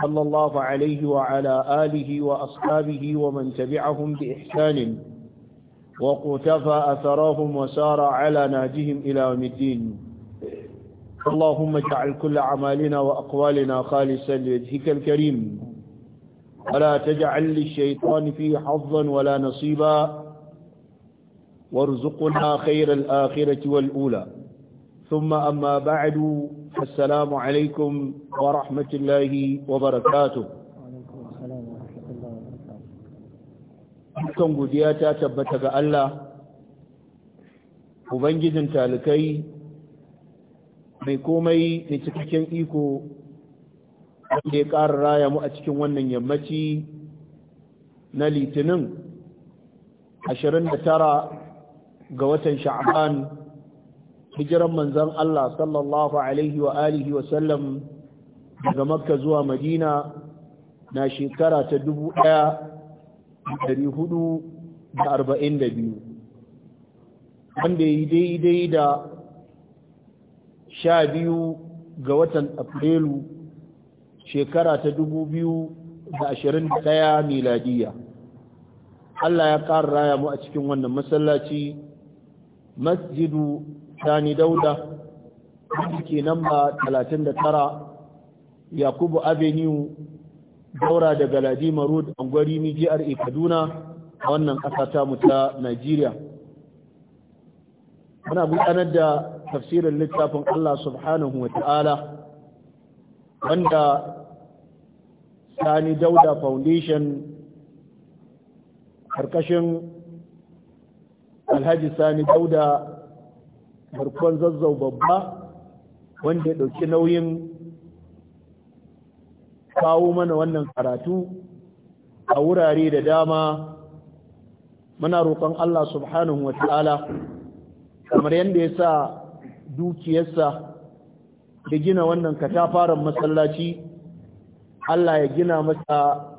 صلى الله عليه وعلى آله وأصحابه ومن تبعهم بإحسان وقتفى أثرهم وسار على نهجهم إلى يوم الدين اللهم اجعل كل أعمالنا وأقوالنا خالصا لوجهك الكريم ولا تجعل للشيطان فيه حظا ولا نصيبا وارزقنا خير الآخرة والأولى ثم أما بعد السلام عليكم ورحمة الله وبركاته Dukan godiya ta tabbata ga Allah, Ubangijin talikai mai komai da cikakken iko da ya ƙara raya mu a cikin wannan yammaci na litinin 29 ga watan sha'ban hijiran manzon Allah sallallahu alaihi wa alihi wa sallam daga makka zuwa madina na shekara ta dubu ɗaya dari hudu da arba'in da biyu wanda yi daidai da sha biyu ga watan afrilu shekara ta dubu biyu da ashirin da ɗaya miladiya Allah ya ƙara raya mu a cikin wannan masallaci masjidu sani dauda wanda ke namba tara, yakubu avenue daura daga galadima road angwari ni jihar kaduna a wannan ƙasa ta mu ta muna gudanar da tafsirin littafin allah subhanahu wa ta'ala wanda sani dauda foundation karkashin alhaji sani dauda barkon zazzau babba wanda ya ɗauki nauyin kawo mana wannan karatu a wurare da dama muna roƙon Allah subhanahu wa ta'ala kamar yadda ya sa dukiyarsa da gina wannan katafaren masallaci Allah ya gina masa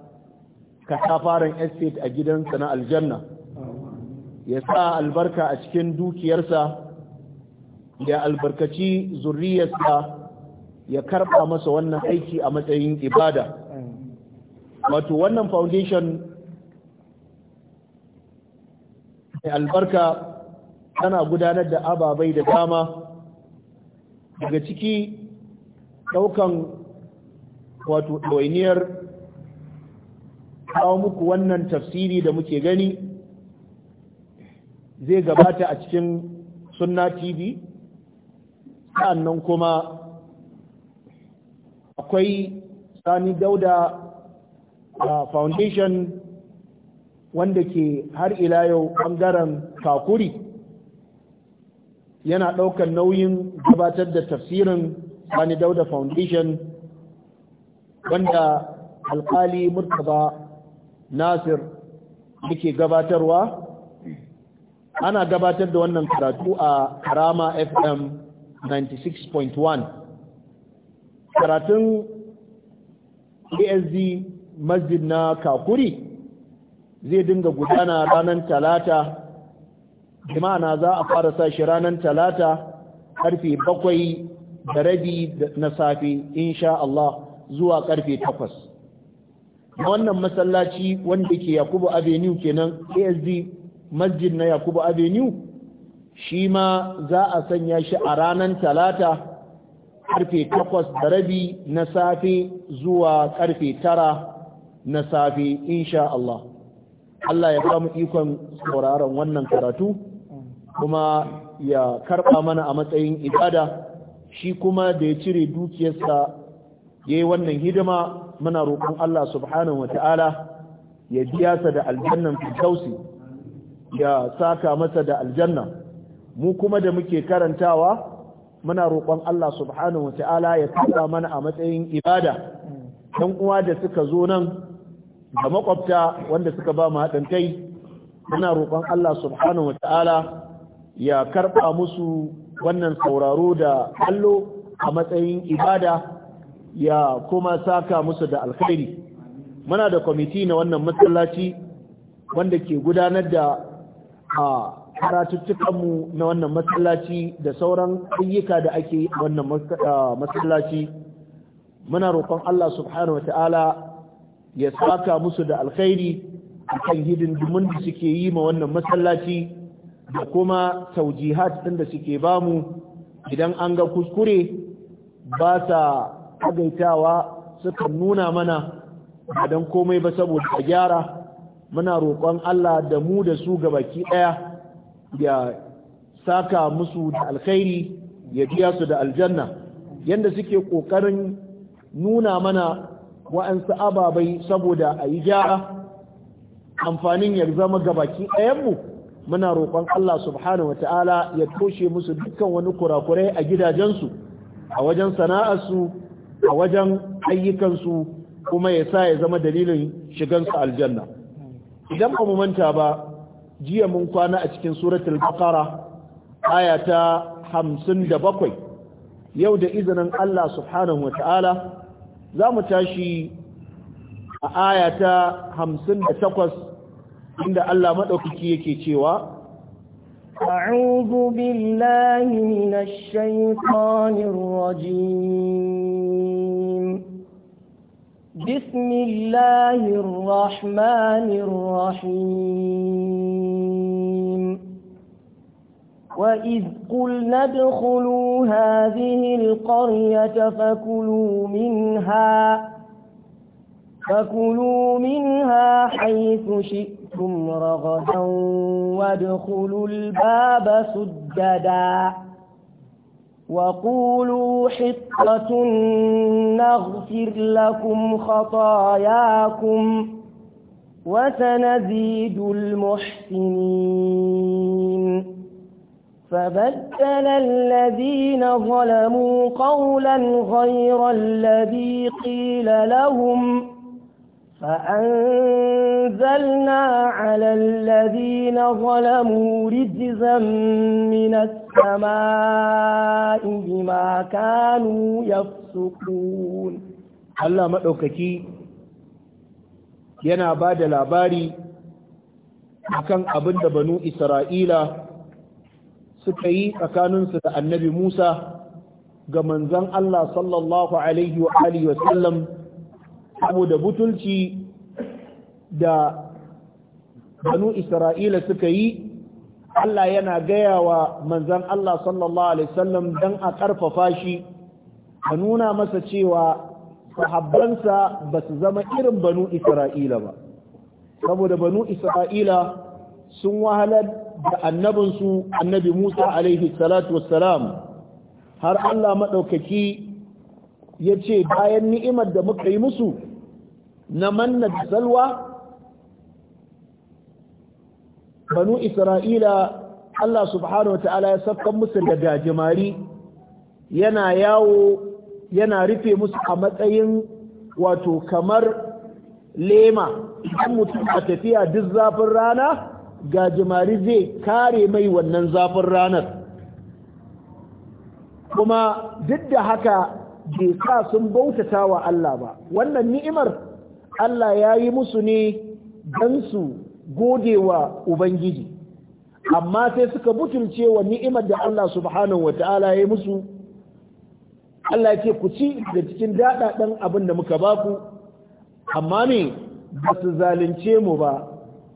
katafaren estate a gidansa na aljanna ya sa albarka a cikin dukiyarsa ya albarkaci zurriyarsa ya karba masa wannan aiki a matsayin ibada wato wannan foundation mai albarka tana gudanar da ababai da dama daga ciki daukan wato ɗawainiyar kawo muku wannan tafsiri da muke gani zai gabata a cikin sunna tv sa'annan kuma akwai sani dauda a foundation wanda ke har ila yau ɓangaren kakuri yana ɗaukar nauyin gabatar da tafsirin sani dauda foundation wanda alkali murtaba nasir yake gabatarwa ana gabatar da wannan karatu a karama fm 96.1 karatun asd masjid na kakuri zai dinga gudana ranar talata jima'ana za a fara sa ranar talata karfe bakwai da rabi na safe insha Allah zuwa karfe takwas wannan masallaci wanda ke yakubu avenue kenan asd masjid na yakubu avenue shi ma za a sanya shi a ranar talata karfe takwas da rabi na safe zuwa karfe tara na safe insha Allah Allah ya samu ikon sauraron wannan karatu kuma ya karɓa mana a matsayin ibada shi kuma da ya cire dukiyarsa ya yi wannan hidima muna roƙon Allah subhanahu wa ta'ala ya biya sa da aljannan fi ya saka masa da aljanna mu kuma da muke karantawa muna roƙon Allah subhanahu wata'ala ya tura mana a matsayin ibada dan uwa da suka zo nan da makwabta wanda suka ba mu haɗin kai muna roƙon Allah subhanahu wata'ala ya karɓa musu wannan sauraro da kallo a matsayin ibada ya kuma saka musu da alkhairi muna da kwamiti na wannan masallaci wanda ke gudanar da a karatuttukanmu na wannan masallaci da sauran ayyuka da ake yi wannan masallaci muna roƙon Allah subhanahu wata'ala ya saka musu da alkhairi kan hidindimun da suke yi ma wannan masallaci da kuma taujihat ɗin da suke bamu idan an ga kuskure ba sa agaitawa suka nuna mana ba don komai ba saboda a gyara muna roƙon Allah da mu da su gabaki ɗaya ya saka musu da alkhairi ya biya su da aljanna yanda suke kokarin nuna mana wa'ansu ababai saboda a yi ja'a amfanin ya zama gabaki ɗayanmu muna roƙon Allah subhanahu wa ta'ala ya toshe musu dukkan wani kurakurai a gidajensu a wajen sana'arsu a wajen ayyukansu kuma ya sa ya zama dalilin shigansu aljanna idan ba mu manta ba jiya mun kwana a cikin suratul baqara aya ta 57 yau da izinin Allah subhanahu wataala za mu tashi a aya ta 58 inda Allah madaukaki yake cewa أعوذ بالله من الشيطان الرجيم بسم الله الرحمن وَإِذْ قُلْنَا ادْخُلُوا هَٰذِهِ الْقَرْيَةَ فَكُلُوا مِنْهَا فَكُلُوا مِنْهَا حَيْثُ شِئْتُمْ رَغَدًا وَادْخُلُوا الْبَابَ سُجَّدًا وَقُولُوا حِطَّةٌ نَّغْفِرْ لَكُمْ خَطَايَاكُمْ وَسَنَزِيدُ الْمُحْسِنِينَ فبدل الذين ظلموا قولا غير الذي قيل لهم فأنزلنا على الذين ظلموا رجزا من السماء بما كانوا يفسقون الله مدوككي yana ba da labari akan abin da banu isra'ila suka yi tsakaninsu da annabi Musa ga manzan Allah sallallahu alaihi wa alihi wa sallam saboda butulci da banu Isra'ila suka yi Allah yana gaya wa manzan Allah sallallahu alaihi wa sallam dan a ƙarfafa shi a nuna masa cewa sahabbansa ba su zama irin banu Isra'ila ba saboda banu Isra'ila sun wahalar da annabinsu annabi Musa alaihi salatu wassalam har Allah maɗaukaki yace bayan ni'imar da muka yi musu na manna da salwa banu isra'ila Allah subhanahu wa ta'ala ya safkan musu da gajimari yana yawo yana rufe musu a matsayin wato kamar lema idan mutum a tafiya duk zafin rana gajimari zai kare mai wannan zafin ranar kuma duk da haka bai sa sun bautata wa Allah ba wannan ni'imar Allah ya yi musu ne don su gode wa Ubangiji amma sai suka butulce wa ni'imar da Allah subhanahu wa ta'ala ya yi musu Allah ya ce ku ci da cikin daɗaɗen abin da muka baku amma ne ba su zalunce mu ba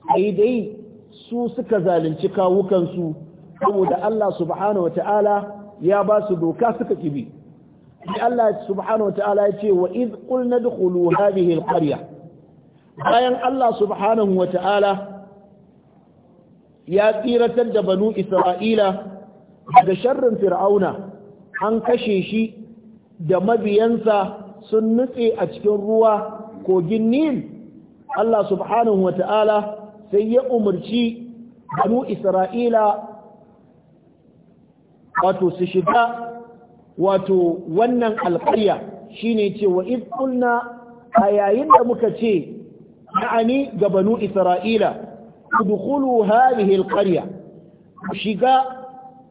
a yi dai su suka zalunci kawukansu saboda Allah subhanahu wa ta'ala ya ba su doka suka kibi Allah subhanahu wa ta'ala ya ce wa iz qulna dkhulu hadhihi alqarya bayan Allah subhanahu wa ta'ala ya tsiratar da banu Isra'ila daga sharrin Fir'auna an kashe shi da mabiyansa sun nutse a cikin ruwa kogin Nil Allah subhanahu wa ta'ala sai ya umarci banu isra'ila wato su shiga wato wannan alƙarya shine ce wa izkulna a yayin da muka ce na'ani ga banu isra'ila udkhulu hadhihi ku shiga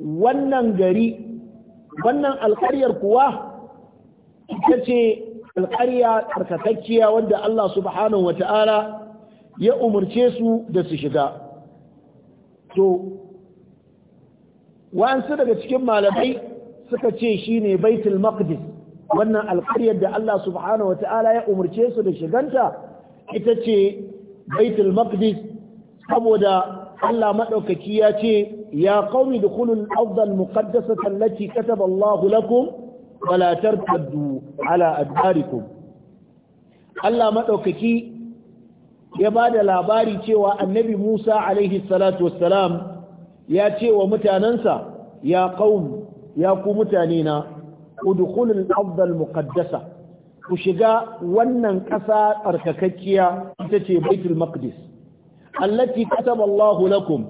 wannan gari wannan alƙaryar kuwa ita ce alƙarya tsarkakakkiya wanda Allah subhanahu wata'ala ya umarce su da su shiga to wa'ansu daga cikin malamai suka ce shine baitul maqdis wannan alƙaryar da Allah subhanahu wata'ala ya umarce su da shiganta ita ce baitul maqdis saboda Allah madaukaki ya ce ya qaumi dukhulul afdal muqaddasata allati kataba Allah lakum wala tartaddu ala adbarikum Allah madaukaki ya ba da labari cewa annabi Musa alaihi salatu wassalam ya ce wa mutanensa ya qaum ya ku mutane na udkhulul ardh muqaddasa ku shiga wannan ƙasa tsarkakakkiya ita ce baitul maqdis allati kataba Allahu lakum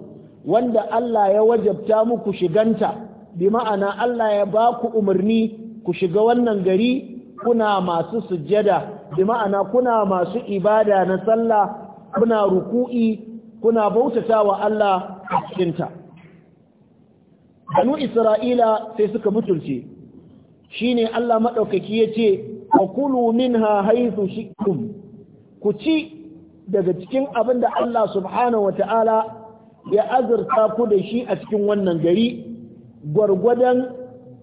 wanda Allah ya wajabta muku shiganta bi ma'ana Allah ya ba ku umarni ku shiga wannan gari kuna masu sujjada bi ma'ana kuna masu ibada na sallah kuna ruku'i kuna bautata wa Allah a cikinta banu isra'ila sai suka mutulce shine Allah madaukaki yace akulu minha haythu shi'tum ku ci daga cikin abinda da Allah subhanahu wata'ala ya azurta ku da shi a cikin wannan gari gwargwadon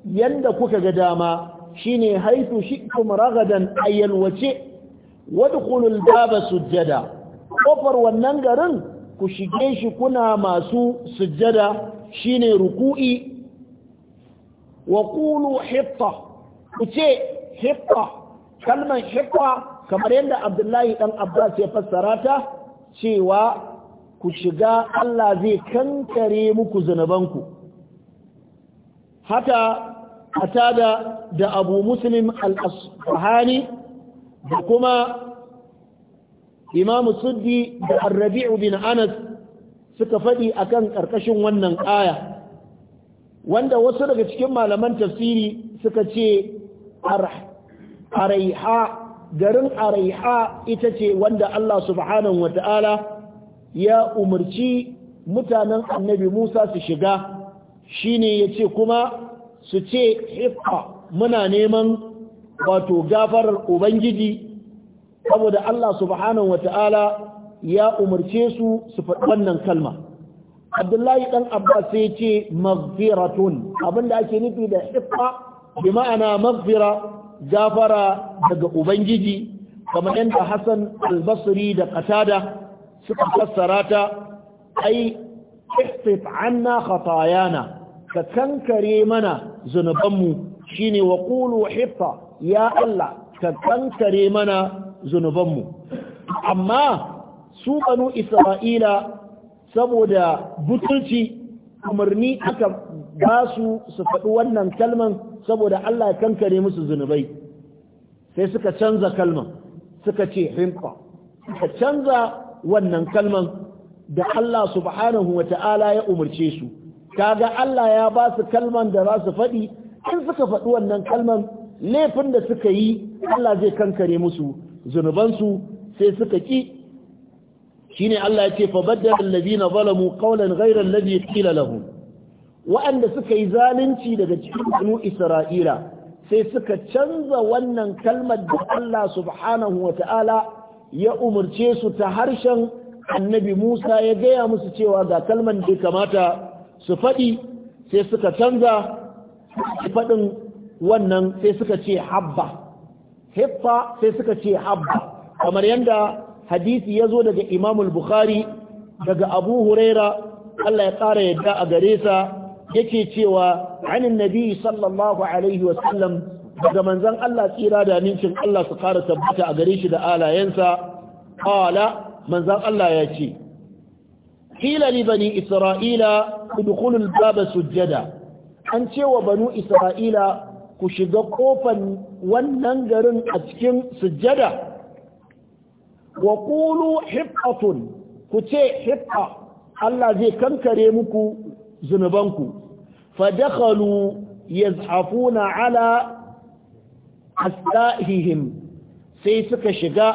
yanda kuka ga dama shine haitu shi'tum ragadan ayalwace wadkhulul baba sujjada kofar wannan garin ku shige shi kuna masu sujjada shine ruku'i wa qulu hitta ku ce hitta kalman hitta kamar yadda Abdullahi Ɗan Abbas ya fassara ta cewa ku shiga Allah zai kankare muku zunubanku Hata. atada da abu muslim al-asfahani da kuma imamu suddi da arrabi'u bin anas suka faɗi akan ƙarƙashin wannan aya wanda wasu daga cikin malaman tafsiri suka ce araiha garin araiha ita ce wanda Allah subhanahu wata'ala ya umarci mutanen annabi Musa su shiga shine ya ce kuma su ce hifka muna neman wato gafarar ubangiji saboda Allah subhanahu wata'ala ya umarce su su faɗi wannan kalma abdullahi ɗan abbas sai ce maghfiratun abinda ake nufi da hifka bi ma'ana maghfira gafara daga ubangiji kamar yadda hassan albasri da qatada suka fassara ta ai ihtif anna khatayana ka kankare mana zunubanmu shine wa qulu hifa ya Allah ka kankare mana zunubanmu amma su banu isra'ila saboda butulci umarni aka ba su su faɗi wannan kalman saboda Allah ya kankare musu zunubai sai suka canza kalman suka ce himfa suka canza wannan kalman da Allah subhanahu wa ta'ala ya umarce su kaga Allah ya ba su kalman da za su faɗi in suka faɗi wannan kalman laifin da suka yi Allah zai kankare musu zunubansu sai suka ki shine Allah ya ce fa baddala na zalamu qawlan ghayra allazi qila lahum wa'anda suka yi zalunci daga cikin banu Isra'ila sai suka canza wannan kalmar da Allah subhanahu wa ta'ala ya umarce su ta harshen annabi Musa ya gaya musu cewa ga kalmar da kamata su faɗi sai suka canza faɗin wannan sai suka ce habba hiffa sai suka ce habba kamar yadda hadisi ya zo daga imamul bukhari daga abu huraira Allah ya ƙara yadda a gare sa yake cewa anin nabi sallallahu alaihi wasallam daga manzan Allah tsira da nincin Allah su kara tabbata a gare shi da alayensa ƙala manzan Allah ya ce qila li bani isra'ila udkhulu al-baba sujjada an cewa banu isra'ila ku shiga ƙofan wannan garin a cikin sujjada wa qulu ku ce hibba Allah zai kankare muku zunubanku fa dakhalu yaz'afuna ala asahihim sai suka shiga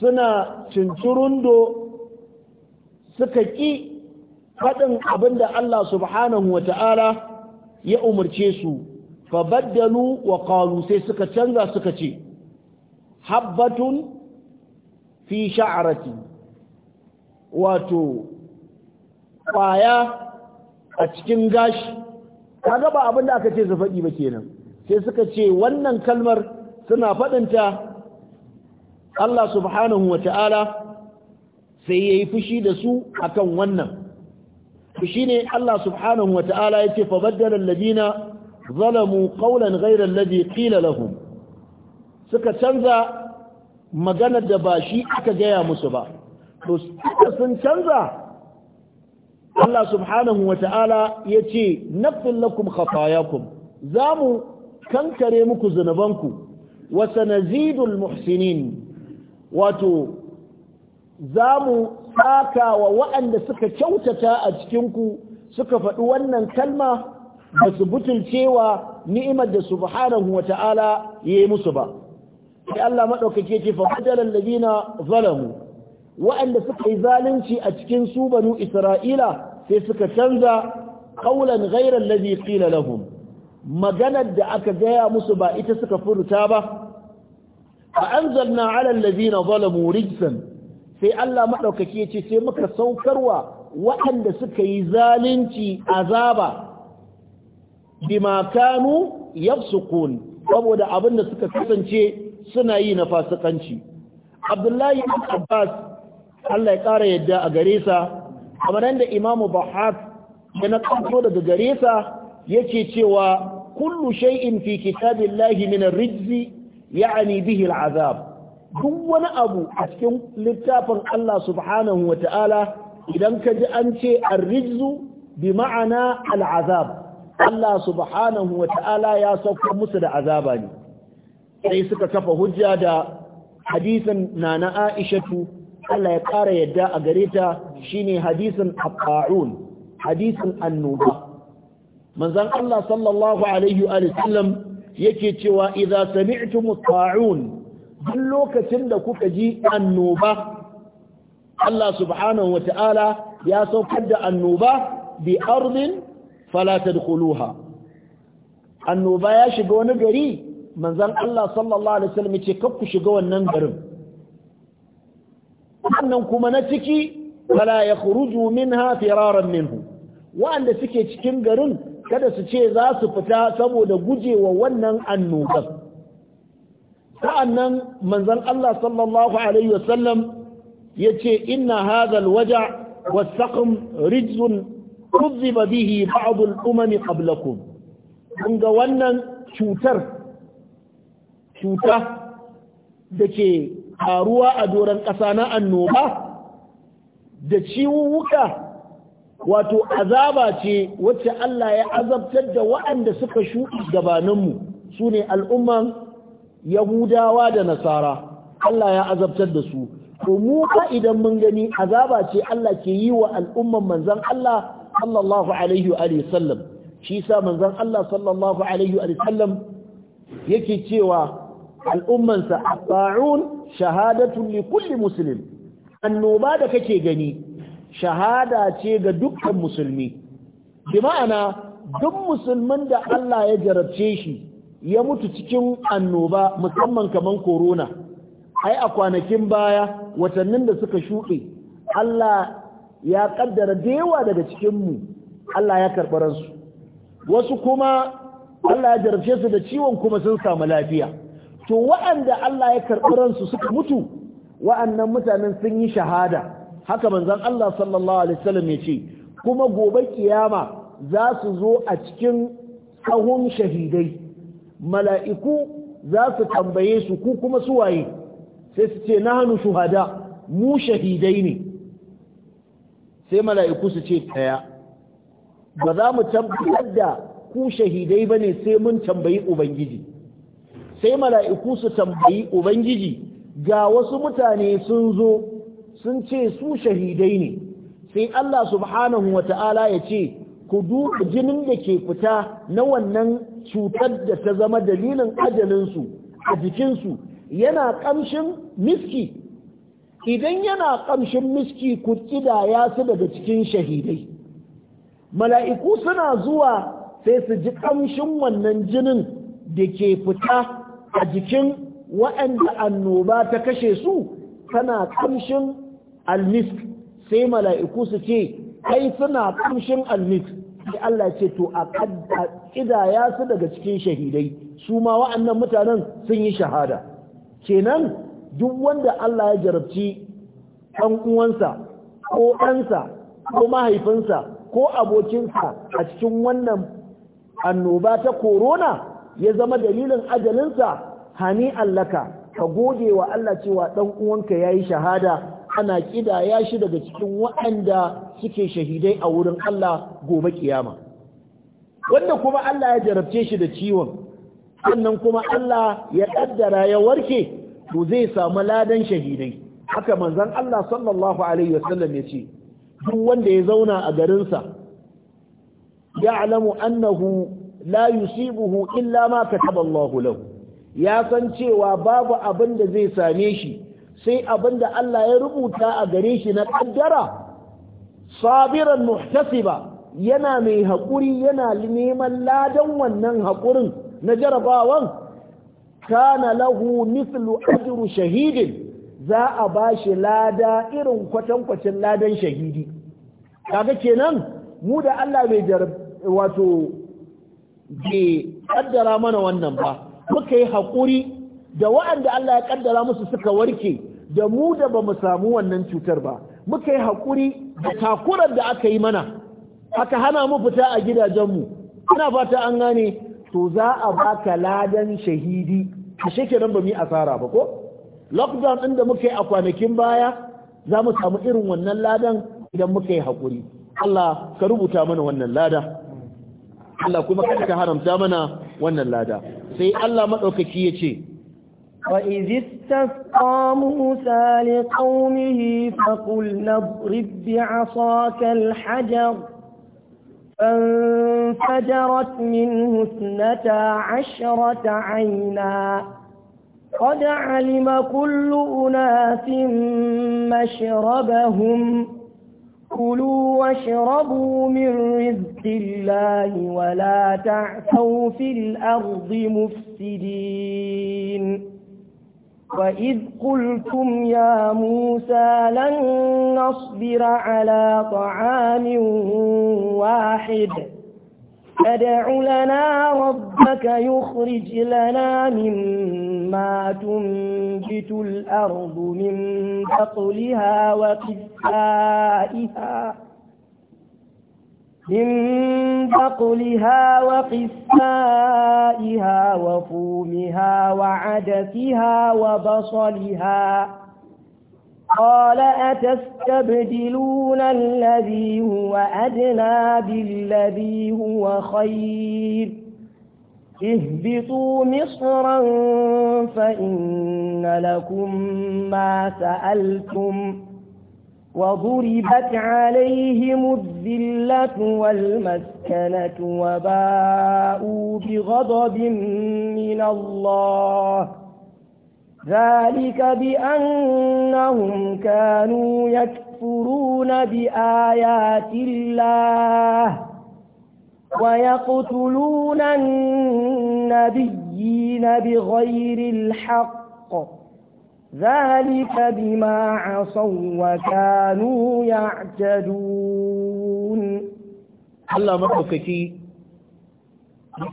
suna cincirundo suka ƙi faɗin abin da Allah subhanahu wa ta'ala ya umarce su fabaddalu wa qalu sai suka canza suka ce habbatun fi sha'arati wato ƙwaya a cikin gashi kaga ba abin da aka ce su faɗi ba kenan sai suka ce wannan kalmar suna faɗinta Allah subhanahu wa ta'ala sai ya yi fushi da su akan wannan fushi ne Allah subhanahu wa ta'ala ya ce fabaddala ladina zalamu qawlan gairar alladhi ƙila lahu suka canza maganar da ba shi aka gaya musu ba to sun canza Allah subhanahu wa ta'ala ya ce nafin lakum khatayakum za mu kankare muku zunubanku wa sanazidul muhsinin wato za mu saka wa waɗanda suka kyautata a cikinku suka faɗi wannan kalma ba su butulcewa ni'imar da subhanahu wa ta'ala ya yi musu ba sai Allah maɗaukake ce fa badalan ladina zalamu waɗanda suka yi zalunci a cikin su banu isra'ila sai suka canza kaulan gairar alladhi qila lahum maganar da aka gaya musu ba ita suka furuta ba fa anzalna ala alladhina zalamu rijsan sai Allah maɗaukaki ya ce sai muka saukarwa waɗanda suka yi zalunci azaba bima kanu yafsukun saboda abin da suka kasance suna yi na fasikanci Abdullahi ibn Abbas Allah ya ƙara yadda a gare sa kamar da Imam Bahaf ya na kanto daga gare sa yake cewa kullu shay'in fi kitabillahi min ar-rijzi ya'ni bihi al-azab duk wani abu a cikin littafin Allah subhanahu wa ta'ala idan ka ji an ce arrijzu bi ma'ana al'azab Allah subhanahu wa ta'ala ya sauka musu da azaba ne sai suka kafa hujja da hadisin nana aishatu Allah ya ƙara yadda a gare ta shine hadisin aqa'un hadisin annuba manzon Allah sallallahu alaihi wa sallam yake cewa idza sami'tum ta'un duk lokacin da kuka ji annoba Allah subhanahu wa ta'ala ya saukar da annoba bi ardin fala tadkhuluha annoba ya shiga wani gari manzon Allah sallallahu alaihi wasallam ce kar ku shiga wannan garin wannan kuma na ciki fala yakhruju minha firaran minhu wanda suke cikin garin kada su ce za su fita saboda gujewa wannan annobar sa'annan manzon Allah sallallahu alaihi wasallam yace inna hadha alwaja' والسقم رجز كذب به بعض الأمم قبلكم kun ga wannan cutar cuta da ke karuwa a doron ƙasa na annoba da ciwuwuka wato azaba ce wacce Allah ya azabtar da waɗanda suka shuɗi gabaninmu su ne al'umman yahudawa da nasara Allah ya azabtar da su to mu ka idan mun gani azaba ce Allah ke yi wa al'umman manzan Allah sallallahu alaihi wa sallam shi sa manzon Allah sallallahu alaihi wa sallam yake cewa al'ummansa sa ata'un shahadatun li kulli muslim annoba da kake gani shahada ce ga dukkan musulmi bi ma'ana duk musulmin da Allah ya jarabce shi ya mutu cikin annoba musamman kamar corona ai a kwanakin baya watannin da suka shuɗe Allah ya kaddara da yawa daga cikinmu Allah ya karɓi ransu wasu kuma Allah ya jarabce su da ciwon kuma sun samu lafiya to wa'anda Allah ya karɓi ransu suka mutu wa'annan mutanen sun yi shahada haka manzon Allah sallallahu alaihi wasallam ya ce kuma gobe kiyama za su zo a cikin sahun shahidai mala'iku za su tambaye su ku kuma su waye sai su ce nahnu shuhada mu shahidai ne sai mala'iku su ce ɗaya ba za mu tambayar da ku shahidai ba ne sai mun tambayi ubangiji sai mala'iku su tambayi ubangiji ga wasu mutane sun zo sun ce su shahidai ne sai Allah subhanahu wa ta'ala ya ce ku duba jinin da ke fita na wannan cutar da ta zama dalilin ajalinsu a jikinsu yana ƙamshin miski idan yana ƙamshin miski ku ƙidaya su daga cikin shahidai mala'iku suna zuwa sai su ji ƙamshin wannan jinin da ke fita a jikin waɗanda annoba ta kashe su tana ƙamshin almisk sai mala'iku su ce kai suna ƙamshin almisk sai Allah ce to a ya su daga cikin shahidai su ma wa'annan mutanen sun yi shahada kenan duk wanda Allah ya jarabci ɗan uwansa ko ɗansa ko mahaifinsa ko abokinsa a cikin wannan annoba ta korona ya zama dalilin ajalinsa hani allaka ka gode wa Allah cewa ɗan uwanka ya yi shahada ana kidaya shi daga cikin waɗanda suke shahidai a wurin Allah gobe kiyama wanda kuma Allah ya jarabce shi da ciwon sannan kuma Allah ya kaddara ya warke to zai samu ladan shahidai haka manzon Allah sallallahu alaihi wasallam ya ce duk wanda ya zauna a garinsa ya'lamu annahu la yusibuhu illa ma kataba Allah lahu ya san cewa babu abin da zai same shi sai abin da Allah ya rubuta a gare shi na ƙaddara sabiran muhtasiba yana mai haƙuri yana neman ladan wannan haƙurin na jarabawan kana lahu mithlu ajru shahidin za a bashi lada irin kwatankwacin ladan shahidi kaga kenan mu da Allah bai wato ke kaddara mana wannan ba muka yi haƙuri da wa'anda Allah ya kaddara musu suka warke da mu da ba mu samu wannan cutar ba muka yi haƙuri da takurar da aka yi mana aka hana mu fita a gidajenmu ina fata an gane to za a baka ladan shahidi a shekarun ba mu yi asara ba ko lockdown ɗin da muka yi a kwanakin baya za mu samu irin wannan ladan idan muka yi haƙuri Allah ka rubuta mana wannan lada Allah kuma ka haramta mana wannan lada sai Allah maɗaukaki ya ce وإذ استسقى موسى لقومه فقلنا اضرب بعصاك الحجر فانفجرت منه اثنتا عشرة عينا قد علم كل أناس مشربهم كلوا واشربوا من رزق الله ولا تعثوا في الأرض مفسدين وإذ قلتم يا موسى لن نصبر على طعام واحد فادع لنا ربك يخرج لنا مما تنبت الأرض من بقلها وقثائها من بقلها وقسائها وفومها وعدسها وبصلها قال أتستبدلون الذي هو أدنى بالذي هو خير اهبطوا مصرا فإن لكم ما سألتم وضربت عليهم الذلة والمسكنة وباءوا بغضب من الله ذلك بأنهم كانوا يكفرون بآيات الله ويقتلون النبيين بغير الحق ذلك بما عصوا وكانوا يعتدون الله مكوكي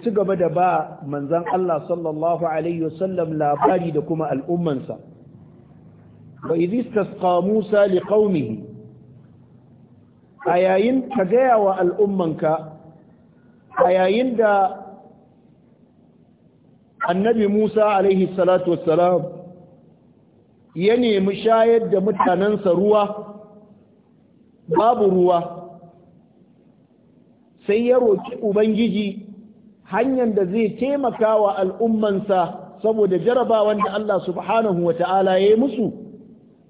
ci gaba da ba manzan Allah sallallahu Alaihi wasallam labari da kuma al'ummansa. Ba izi tasqa Musa li qaumihi a yayin ka gaya wa al'ummanka, a yayin da annabi Musa Alaihi salatu wassalam ya nemi shayar da mutanensa ruwa babu ruwa sai ya roƙi ubangiji hanyar da zai taimaka wa al'ummansa saboda jaraba wanda Allah subhanahu wa ta'ala ya yi musu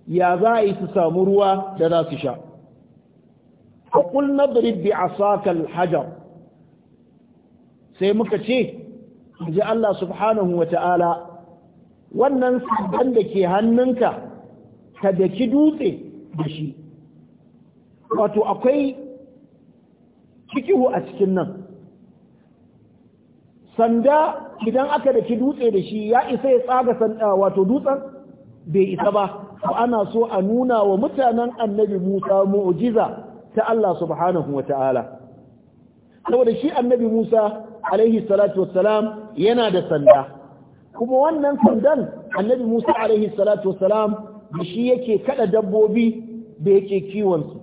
ya za a yi su samu ruwa da za su sha haƙul nadrib bi sakal hajar sai muka ce ji Allah subhanahu wa ta'ala wannan sabon da ke hannunka ka daki dutse da shi wato akwai cikihu a cikin nan sanda idan aka daki dutse da shi ya isa ya tsaga sanda ah, wato dutsen bai isa ba ana so a nuna wa mutanen annabi Musa mu'jiza ta Allah subhanahu wa ta'ala saboda shi annabi Musa alaihi salatu wassalam yana da sanda kuma wannan sandan annabi Musa alaihi salatu wassalam da shi yake kada dabbobi da yake kiwon su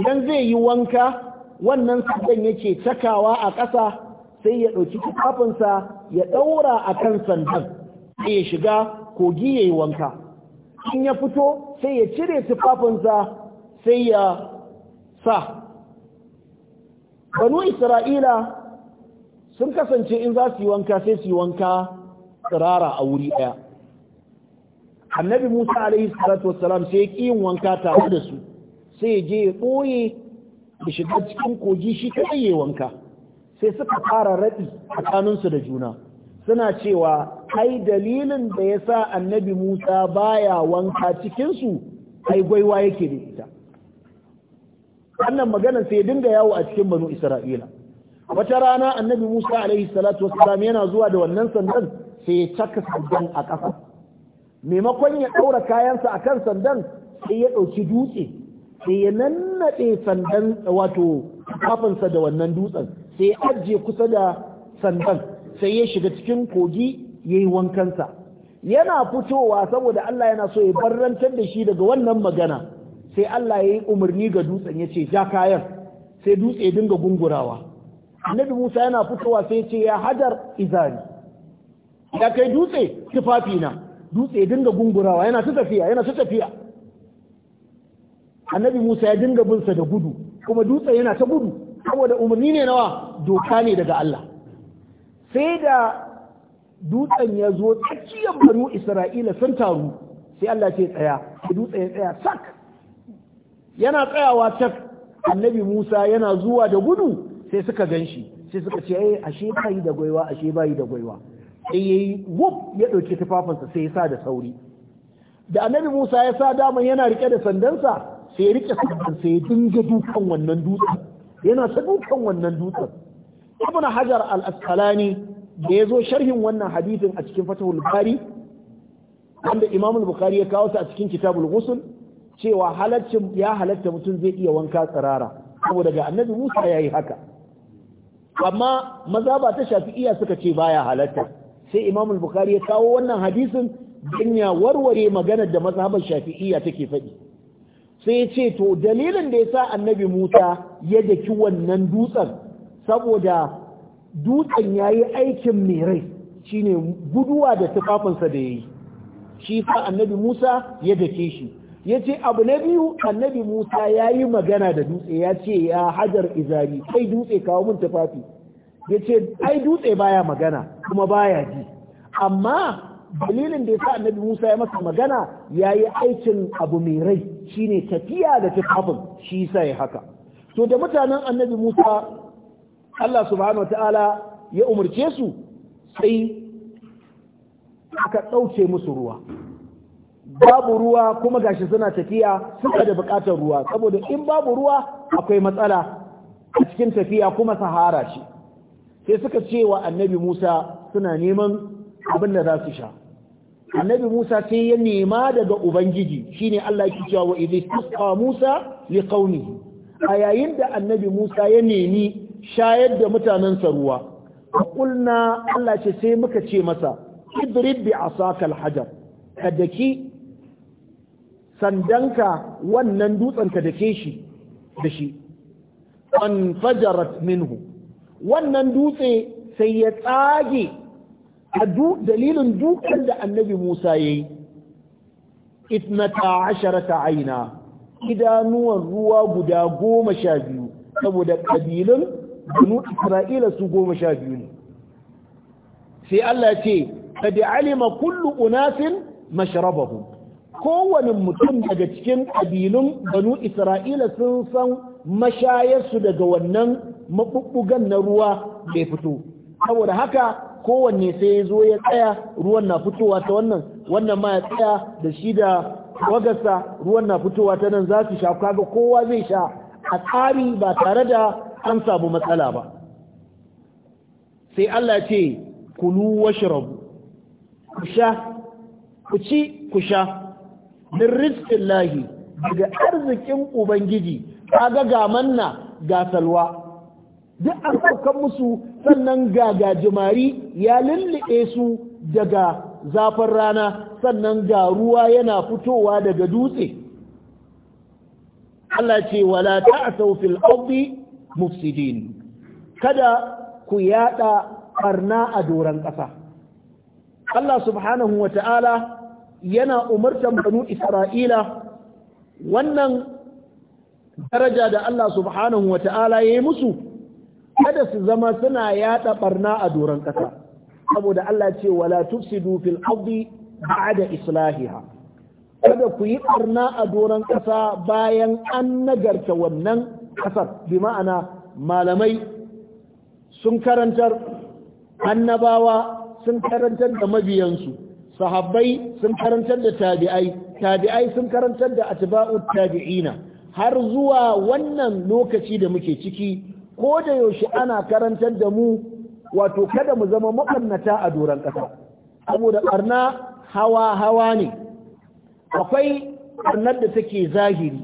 idan zai yi wanka wannan sandan yake takawa a ƙasa sai ya ɗauki tufafinsa ya ɗaura a kan sandan sai ya shiga kogi ya yi wanka in ya fito sai ya cire tufafinsa sai ya sa banu isra'ila sun kasance in za su yi wanka sai su yi wanka tsirara a wuri ɗaya annabi musa alaihi salatu wassalam sai ya ƙi yin wanka tare da su sai ya je ya ɓoye da shiga cikin kogi shi kaɗai ya wanka sai suka fara raɗi tsakaninsu da juna suna cewa ai dalilin da ya sa annabi musa baya wanka cikinsu ai gwaiwa yake da ita wannan magana sai dinga yawo a cikin banu isra'ila wata rana annabi musa alaihi salatu wasalam yana zuwa da wannan sandan sai ya caka sandan a ƙasa maimakon ya ɗaura kayansa a kan sandan sai ya ɗauki dutse sai ya nannaɗe sandan wato kafinsa da wannan dutsen sai ya ajiye kusa da sandan sai ya shiga cikin kogi ya yi wankansa yana fitowa saboda Allah yana so ya barrantar da shi daga wannan magana sai Allah ya yi umarni ga dutsen ya ce ja kayan sai dutse ya dinga gungurawa annabi Musa yana fitowa sai ya ce ya hajar izari ya kai dutse tufafi na dutse ya dinga gungurawa yana ta tafiya yana su tafiya annabi Musa ya dinga binsa da gudu kuma dutse yana ta gudu saboda umarni ne nawa doka ne daga Allah sai da dutsen ya zo tsakiyar banu Isra'ila sun taru sai Allah ce tsaya dutse ya tsaya sak yana tsayawa sak annabi Musa yana zuwa da gudu sai suka gan shi sai suka ce eh, ashe bai da gwaiwa ashe bai da gwaiwa sai yayi wuf ya ɗauki tufafinsa sai ya sa da sauri da annabi Musa ya sa daman yana rike da sandansa sai ya rike sandan sai ya dinga dukan wannan dutsen yana ta dukan wannan dutsen Ibn Hajar al-Asqalani da ya zo sharhin wannan hadisin a cikin Fathul Bari wanda Imam al-Bukhari ya kawo ta a cikin Kitabul Ghusl cewa halaccin ya halatta mutum zai iya wanka tsirara saboda ga annabi Musa yayi haka amma maza ba ta shafi iya suka ce baya halatta sai imam bukhari ya kawo wannan hadisin don ya warware maganar da mazhabar shafi'iyya take faɗi sai ya ce to dalilin da ya sa annabi musa ya daki wannan dutsen saboda dutsen ya yi aikin mai rai shine guduwa da tufafinsa da ya yi shi sa annabi musa ya dake shi ya ce abu na biyu annabi musa ya yi magana da dutse ya ce ya hajar izari kai dutse kawo min tufafi ya ce ai dutse baya magana kuma baya ji amma dalilin da ya sa annabi musa ya masa magana ya yi aikin abu mai rai shine tafiya da tufafin shi sa ya haka to da mutanen annabi musa allah subhanahu wa ta'ala ya umarce su sai aka ɗauke musu ruwa babu ruwa kuma gashi suna tafiya suka da buƙatar ruwa saboda in babu ruwa akwai matsala a cikin tafiya kuma sahara ce sai suka ce wa annabi Musa suna neman abin da za su sha annabi Musa sai ya nema daga ubangiji shine Allah yake cewa wa idai tasqa Musa li qaumihi a yayin da annabi Musa ya nemi shayar da mutanen sa ruwa kulna Allah ce sai muka ce masa idrib bi asaka al-hajar kadaki sandanka wannan dutsen ka dake shi da shi an fajarat minhu wannan dutse sai ya tsage a dalilin dukkan da annabi Musa ya yi itnata asharata aina idanuwan ruwa guda goma sha biyu saboda ƙabilun banu isra'ila su goma sha biyu ne sai Allah ce kad alima kullu unasin mashrabahum kowane mutum daga cikin ƙabilun banu isra'ila sun san mashayarsu daga wannan maɓuɓɓugan na ruwa bai fito saboda haka kowanne sai ya zo ya tsaya ruwan na fitowa ta wannan wannan ma ya tsaya da shi da wagasa, ruwan na fitowa ta nan za su sha kaga kowa zai sha a tsari ba tare da an samu matsala ba sai Allah ce kulu shirabu ku sha ku ci ku sha min lahi, daga arzikin ubangiji kaga ga manna ga salwa duk an saukan musu sannan ga gajimari ya lulluɓe su daga zafin rana sannan ga ruwa yana fitowa daga dutse Allah ce wala ta'asau fil ardi mufsidin kada ku yada ɓarna a doron ƙasa Allah subhanahu wata'ala yana umartan banu Isra'ila wannan daraja da Allah subhanahu wa ta'ala ya yi musu kada su zama suna yaɗa ɓarna a doron ƙasa saboda Allah ce wala tufsidu fil ardi ba'da islahiha kada ku yi ɓarna a doron ƙasa bayan an nagarta wannan ƙasar bi ma'ana malamai sun karantar annabawa sun karantar da mabiyansu sahabbai sun karantar da tabi'ai tabi'ai sun karantar da atba'ut tabi'ina har zuwa wannan lokaci da muke ciki ko da yaushe ana karantar da mu wato kada mu zama makannata a doron ƙasa saboda ɓarna hawa hawa ne akwai ɓarnar da take zahiri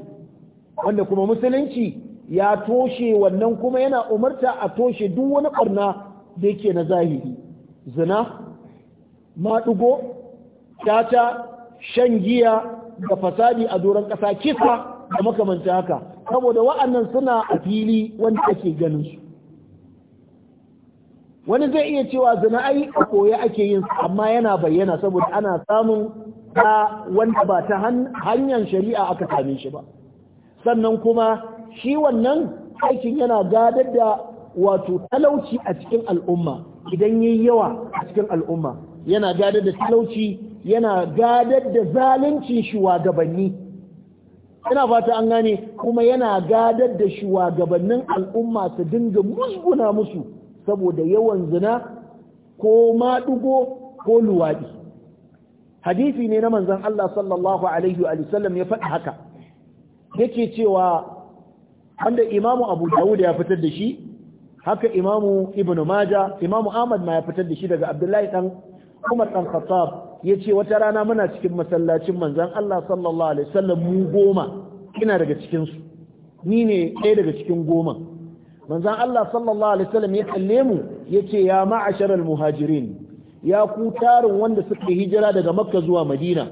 wanda kuma musulunci ya toshe wannan kuma yana umarta a toshe duk wani ɓarna da yake na zahiri zina maɗugo tata shan giya da fasadi a doron ƙasa kisa da makamanta haka saboda wa'annan suna a fili wanda ake ganin su wani zai iya cewa zina ai a koya ake yin amma yana bayyana saboda ana samun ta wanda ba ta hanyar shari'a aka same shi ba sannan kuma shi wannan aikin yana gadar da wato talauci a cikin al'umma idan yayi yawa a cikin al'umma yana gadar da talauci yana gadar da zaluncin shugabanni ina fata an gane kuma yana gadar da shugabannin al'umma su dinga musguna musu saboda yawan zina ko maɗugo ko luwaɗi hadisi ne na manzan Allah sallallahu alaihi wa sallam ya faɗi haka yake cewa wanda imamu abu dawud ya fitar da shi haka imamu ibn maja imamu ahmad ma ya fitar da shi daga abdullahi dan umar dan khattab ya ce wata rana muna cikin masallacin manzan Allah sallallahu alaihi wasallam mu goma ina daga cikinsu ni ne ɗaya daga cikin goma manzan Allah sallallahu alaihi wasallam ya kalle mu ya ce ya ma'ashar muhajirin ya ku tarin wanda suka hijira daga makka zuwa madina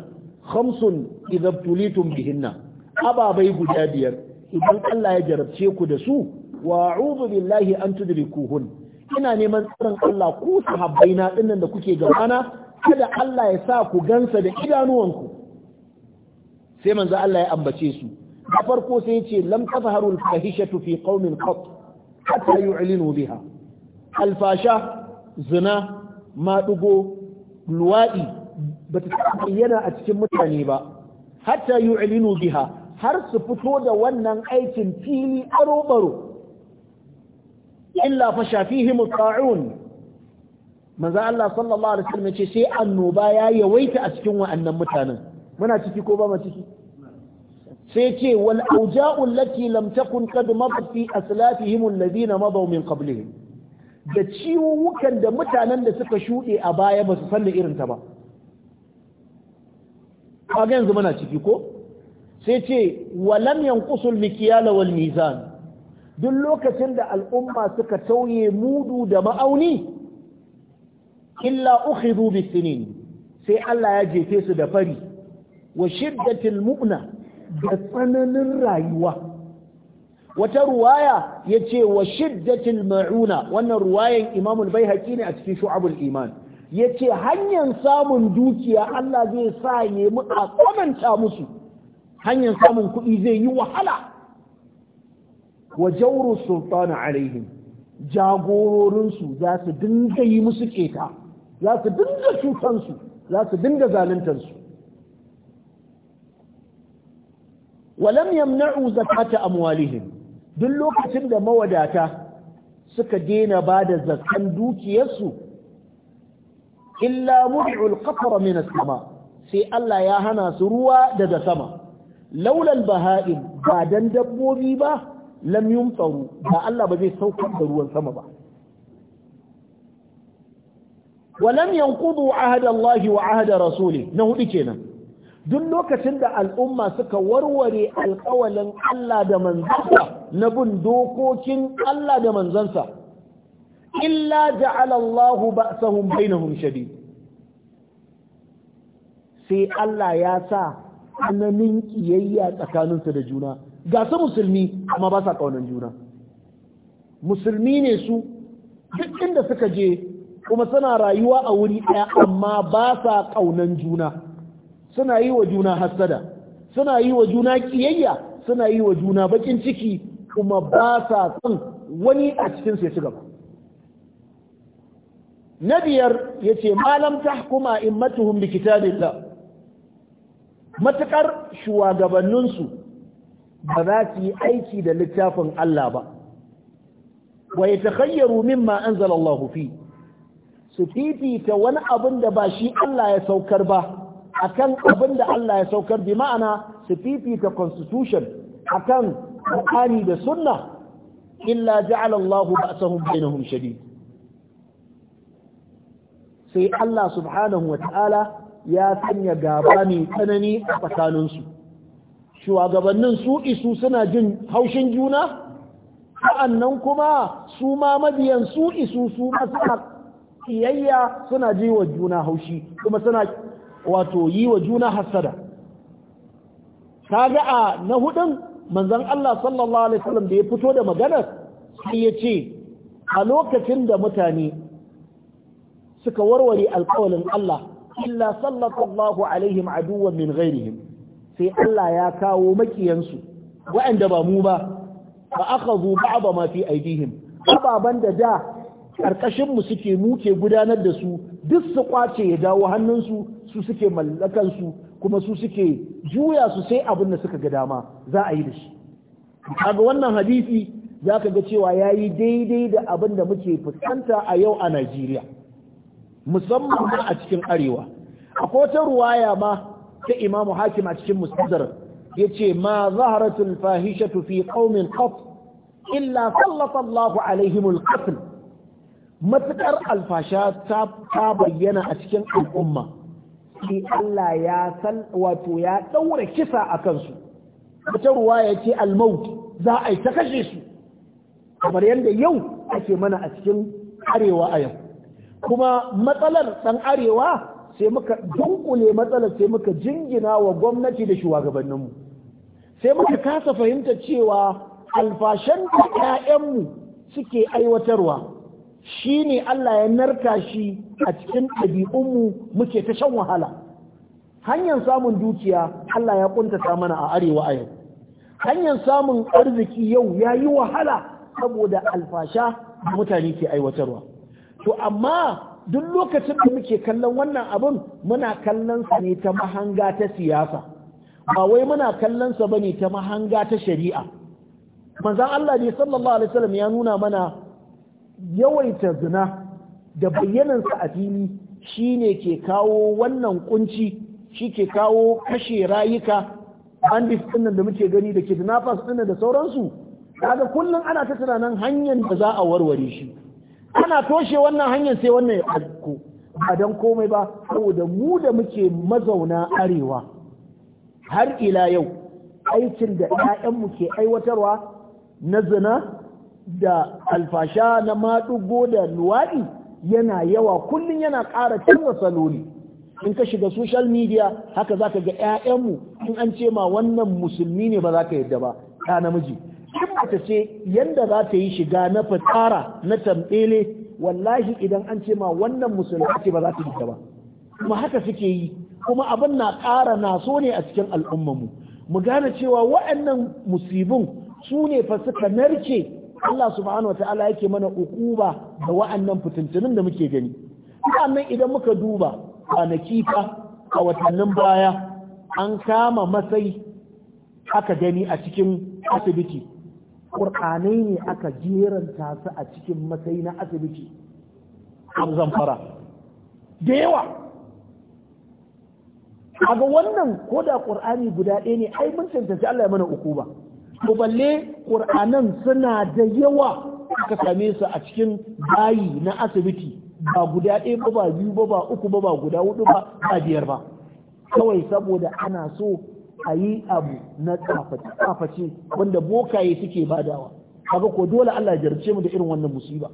khamsun idza bihinna ababai guda biyar idan Allah ya jarabce ku da su wa a'udhu billahi an tudrikuhun ina neman tsaron Allah ku sahabbaina dinnan da kuke gabana kada Allah ya sa ku gansa da idanuwanku sai manzo Allah ya ambace su da farko sai ya ce lam tazharul fahishatu fi qaumin qat hatta yu'linu biha alfasha zina madugo luwadi bata bayyana a cikin mutane ba hatta yu'linu biha har su fito da wannan aikin fili aro baro illa fa shafihim ta'un manzo Allah sallallahu alaihi wasallam ce sai annoba ya yawaita a cikin wa'annan mutanen muna ciki ko ba mu ciki sai ce wal auja'u allati lam takun qad madat fi aslafihim alladhina madaw min qablihim da ciwuwukan da mutanen da suka shuɗe a baya ba su san da irin ta ba kaga yanzu muna ciki ko sai ce walam yanqusul mikyal wal mizan duk lokacin da al'umma suka tauye mudu da ma'auni illa ukhidhu bisinin sai Allah ya jefe su da fari wa shiddatil mu'na da tsananin rayuwa wata ruwaya yace wa shiddatil ma'una wannan ruwayan Imam al-Baihaqi ne a cikin Shu'abul Iman yace hanyar samun dukiya Allah zai sa ya mu a musu hanyar samun kuɗi zai yi wahala wa jawru sultana alaihim jagororinsu za su dinga yi musu ƙeta. za su dinga cutansu za su dinga zaluntansu walam yamna'u zakata amwalihim duk lokacin da mawadata suka dena ba da zakan dukiyarsu illa mud'ul qatara min as-sama sai Allah ya hana su ruwa daga sama laulal baha'im ba dan dabbobi ba lam yumtaru ba Allah ba zai saukar da ruwan sama ba walam Kubu ahada Allah wa ahada rasuli na hudu kenan duk lokacin da al'umma suka warware alƙawalin Allah da manzansa na bin dokokin Allah da manzansa illa ja'ala Allah ba'sahum bainahum shadid sai Allah ya sa tsananin kiyayya tsakaninsu da juna ga musulmi amma ba sa juna musulmi ne su duk inda suka je kuma suna rayuwa a wuri ɗaya amma ba sa ƙaunan juna suna yi wa juna hassada suna yi wa juna ƙiyayya suna yi wa juna baƙin ciki kuma ba sa son wani a cikin ya ci gaba na biyar ya ce malam ta kuma in matuhun bikita da matuƙar shugabanninsu ba za su yi aiki da littafin Allah ba wa ya ma mimma anzala Allah fi su fifita wani abin da ba shi Allah ya saukar ba akan abin da Allah ya saukar bi ma'ana su fifita constitution akan Qur'ani da sunna illa ja'ala Allahu ba'sahum bainahum shadid sai Allah subhanahu wa ta'ala ya sanya gaba mai tsanani a tsakaninsu shugabannin su isu suna jin haushin juna sa'annan kuma su ma mabiyan su isu su ma kiyayya suna ji wa juna haushi kuma suna wato yi wa juna hasada kaga a na hudun manzon Allah sallallahu alaihi wasallam da ya fito da maganar sai ya ce a lokacin da mutane suka warware alƙawalin Allah illa sallallahu alaihim aduwwan min ghairihim sai Allah ya kawo makiyansu waɗanda ba mu ba fa akhadhu ba'd ma fi aidihim ababan da da ƙarƙashin mu suke muke gudanar da su duk su kwace ya dawo hannunsu su suke mallakansu kuma su suke juya su sai abin da suka ga dama za a yi da shi kaga wannan hadisi za ka ga cewa ya yi daidai da abin da muke fuskanta a yau a Najeriya musamman a cikin arewa akwai wata ruwaya ma ta imamu hakim a cikin musadar ya ce ma zaharatul fahishatu fi qaumin qat illa sallata Allahu alaihimul qatl matuƙar alfasha ta bayyana a cikin al'umma sai Allah ya san wato ya ɗaura kisa a kansu wata ruwa ya ce almaut za a yi ta kashe su kamar yadda yau ake mana a cikin arewa a yau kuma matsalar ɗan arewa sai muka dunkule matsalar sai muka jingina wa gwamnati da shugabanninmu sai muka kasa fahimta cewa alfashan da 'ya'yanmu suke aiwatarwa shi ne Allah ya narka shi a cikin ɗabi'unmu muke ta shan wahala hanyar samun dukiya Allah ya kuntata mana a arewa a yau hanyar samun arziki yau ya yi wahala saboda alfasha da mutane ke aiwatarwa to amma duk lokacin da muke kallon wannan abin muna kallon sa ne ta mahanga ta siyasa ba wai muna kallon sa ne ta mahanga ta shari'a manzon Allah ne sallallahu alaihi wasallam ya nuna mana yawaita zina da bayyanansa a fili shi ke kawo wannan kunci shi ke kawo kashe rayuka bandits dinnan da muke gani da kidnappers dinnan da sauransu kaga kullum ana ta tunanin hanyar da za a warware shi ana toshe wannan hanyar sai wannan ya ko. ba dan komai ba saboda mu da muke mazauna arewa har ila yau aikin da mu ke aiwatarwa na zina da alfasha na maɗugo da luwaɗi yana yawa kullum yana ƙara canza saloli in ka shiga social media haka za ka ga 'ya'yanmu in an ce ma wannan musulmi ne ba za ka yadda ba ta namiji in mace ce yadda za ta yi shiga na fitara na tamɓele wallahi idan an ce ma wannan musulmi ce ba za ta yadda ba kuma haka suke yi kuma abin na ƙara naso ne a cikin al'ummarmu mu gane cewa waɗannan musibin su ne fa suka narke Allah subhanahu ta'ala yake mana ukuba da wa'annan fitintunin da muke gani sannan idan muka duba kwanaki ka a watannin baya an kama masai aka gani a cikin asibiti ƙur'anai ne aka jeranta su a cikin matsayi na asibiti a zamfara da yawa a ga wannan ko da ƙur'ani guda ɗaya ne ai mun cancanci Allah ya mana uku ba to balle ƙur'anan suna da yawa aka same su a cikin bayi na asibiti ba guda ɗaya ba ba biyu ba ba uku ba ba guda hudu ba ba biyar ba kawai saboda ana so a yi abu na tsafaci wanda bokaye suke badawa kaga ko dole Allah ya jarce mu da irin wannan musiba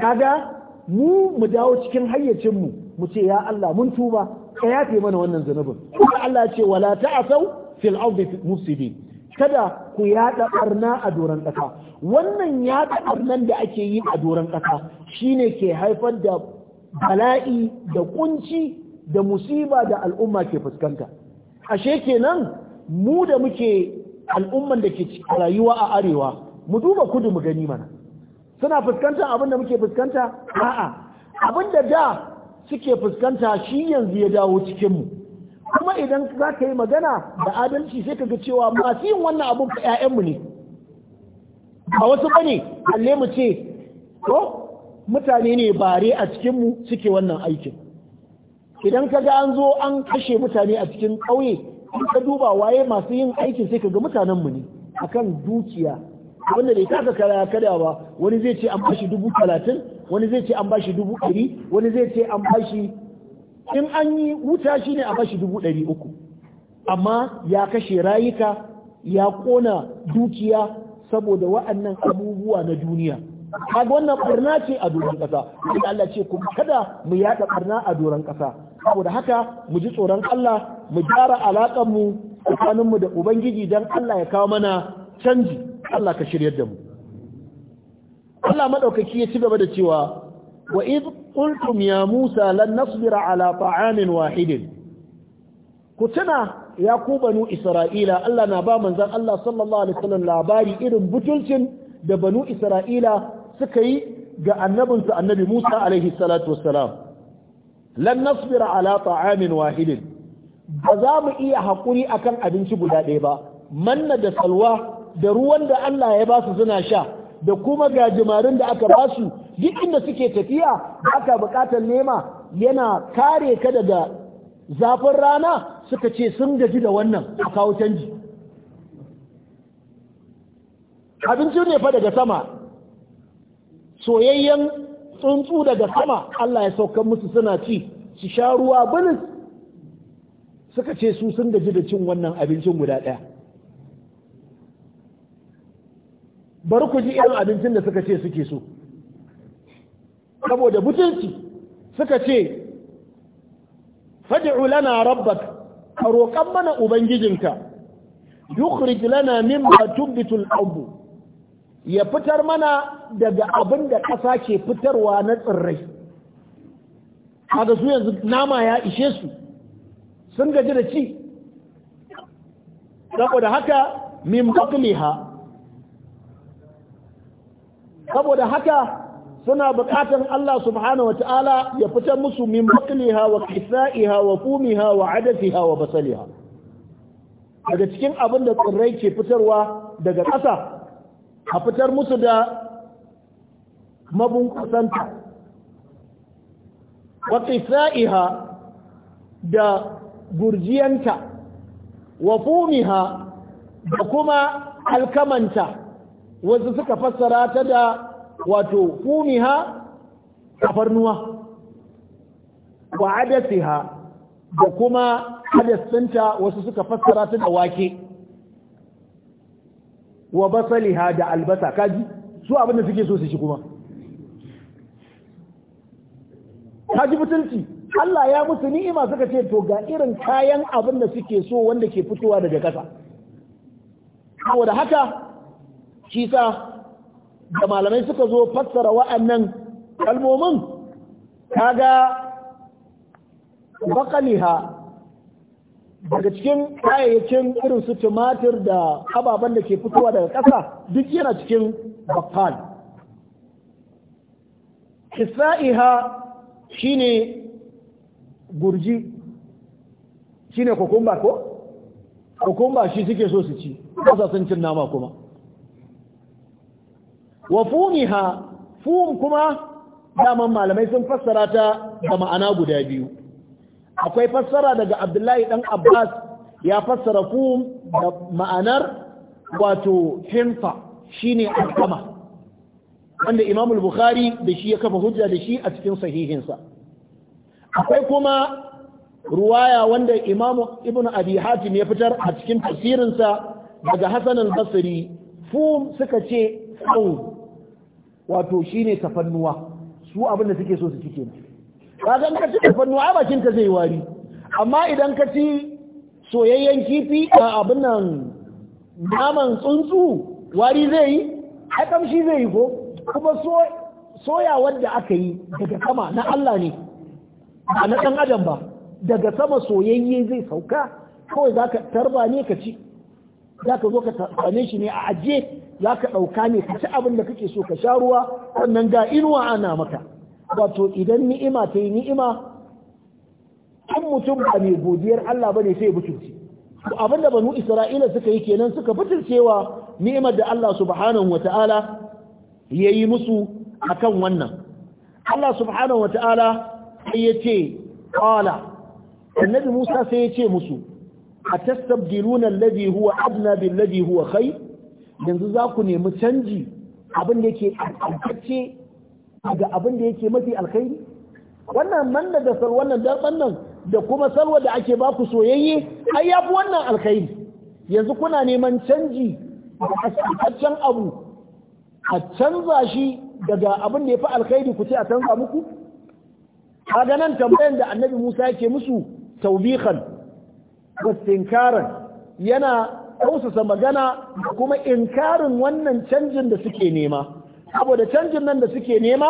kaga mu mu dawo cikin hayyacin mu mu ce ya Allah mun tuba ka yafe mana wannan zanubin kuma Allah ya ce wala ta'asau fil ardi mufsidin kada ku yada barna a doran ƙasa wannan yada barnan da ake yi a doran ƙasa shine ke haifar da bala'i da kunci da musiba da al'umma ke fuskanta ashe kenan mu da muke al'umman da ke rayuwa a arewa mu duba kudu mu gani mana suna fuskantar abin da muke fuskanta a'a abin da da suke fuskanta shi yanzu ya dawo cikin mu kuma idan za ka yi magana da adalci sai ka ga cewa masu yin wannan abun ka 'ya'yanmu ne a wasu bane alle mu ce ko mutane ne bare a cikinmu suke wannan aikin idan ka ga an zo an kashe mutane a cikin ƙauye in ka duba waye masu yin aikin sai ka ga mutanenmu ne akan dukiya wanda bai taka karaya kada ba wani zai ce an bashi dubu talatin wani zai ce an bashi dubu ɗari wani zai ce an bashi in an yi wuta shine a bashi dubu ɗari uku amma ya kashe rayuka ya kona dukiya saboda wa'annan abubuwa na duniya kaga wannan barna ce a doron ƙasa. inda Allah ce kuma kada mu yaɗa barna a doron ƙasa, saboda haka mu ji tsoron Allah mu gyara alaƙar mu tsakanin mu da ubangiji dan Allah ya kawo mana canji Allah ka shiryar da mu Allah madaukaki ya ci gaba da cewa wa qultum ya Musa lan nasbira ala ta'amin wahidin ku tuna ya ku banu Isra'ila Allah na ba manzan Allah sallallahu alaihi wasallam labari irin butulcin da banu Isra'ila suka yi ga annabinsu annabi Musa alaihi salatu wassalam lan nasbira ala ta'amin wahidin ba za mu iya haƙuri akan abinci guda ɗaya ba manna da salwa da ruwan da Allah ya basu suna sha da kuma gajimarin da aka basu. duk inda suke tafiya ba ka buƙatar nema yana kare ka daga zafin rana suka ce sun gaji da wannan a kawo canji abinci ne fa daga sama soyayyen tsuntsu daga sama Allah ya saukan musu suna ci su sha ruwa bilis suka ce su sun gaji da cin wannan abincin guda ɗaya bari ku ji irin abincin da suka ce suke so saboda butunci suka ce fad'u lana rabbak ka roƙan mana ubangijinka yukhrij lana mimma tunbitu al-ard ya fitar mana daga abin da ƙasa ke fitarwa na tsirrai kaga su yanzu nama ya ishe su sun gaji da ci saboda haka min bakliha saboda haka suna buƙatar Allah subhanahu wa ta'ala ya fitar musu min bakliha wa kisa'iha wa kumiha wa wa basaliha daga cikin abin da tsirrai ke fitarwa daga ƙasa a fitar musu da mabunkusanta wa da gurjiyanta wa fumiha da kuma alkamanta wasu suka fassara ta da wato fumiha kafarnuwa wa adasiha da kuma adasinta wasu suka fassara ta da wake wa basaliha da albasa kaji su abin da suke so su shi kuma kaji mutunci Allah ya musu ni'ima suka ce to ga irin kayan abin da suke so wanda ke fitowa daga ƙasa saboda haka shi sa da malamai suka zo fassara wa'annan kalmomin kaga bakaliha daga cikin kayayyakin irin su tumatir da ababen da ke fitowa daga ƙasa duk yana cikin bakal kisa'iha shine gurji shine kokumba ko kokumba shi suke so su ci ba sun cin nama kuma wa fumiha fum kuma daman malamai sun fassara ta da ma'ana guda biyu akwai fassara daga abdullahi dan abbas ya fassara fum da ma'anar wato himfa shine alkama wanda imam al-bukhari da shi ya kafa hujja da shi a cikin sahihinsa akwai kuma ruwaya wanda imam ibn abi hatim ya fitar a cikin tafsirinsa daga hasan al-basri fum suka ce fum wato shine tafannuwa su abin da suke so su cike ne kaga ka ci tafannuwa ai bakin ka zai wari amma idan ka ci soyayyen kifi a abin nan naman tsuntsu wari zai yi akamshi kamshi zai yi ko kuma so soya wanda aka yi daga sama na Allah ne ba na ɗan adam ba daga sama soyayye zai sauka kawai zaka tarba ne ka ci za ka zo ka same shi ne a ajiye za ka ɗauka ne ka ci abin da kake so ka sha ruwa wannan ga inuwa ana maka wato idan ni'ima ta yi ni'ima in mutum ba mai godiyar Allah ba ne sai ya butulci abin da banu isra'ila suka yi kenan suka butulcewa ni'imar da Allah subhanahu wa ta'ala ya yi musu akan wannan Allah subhanahu wa ta'ala sai ya ce qala annabi Musa sai ya ce musu atastabdiluna alladhi huwa adna billadhi huwa khayr yanzu za ku nemi canji abin da yake alkace daga abin da yake mafi alkhairi wannan manna da sal wannan darban nan da kuma salwa da ake ba ku soyayye ai fi wannan alkhairi yanzu kuna neman canji a can abu a canza shi daga abin da ya fi alkhairi ku ce a canza muku kaga nan tambayan da annabi Musa yake musu taubikan istinkaran yana kausasa magana kuma inkarin wannan canjin da suke nema saboda canjin nan da suke nema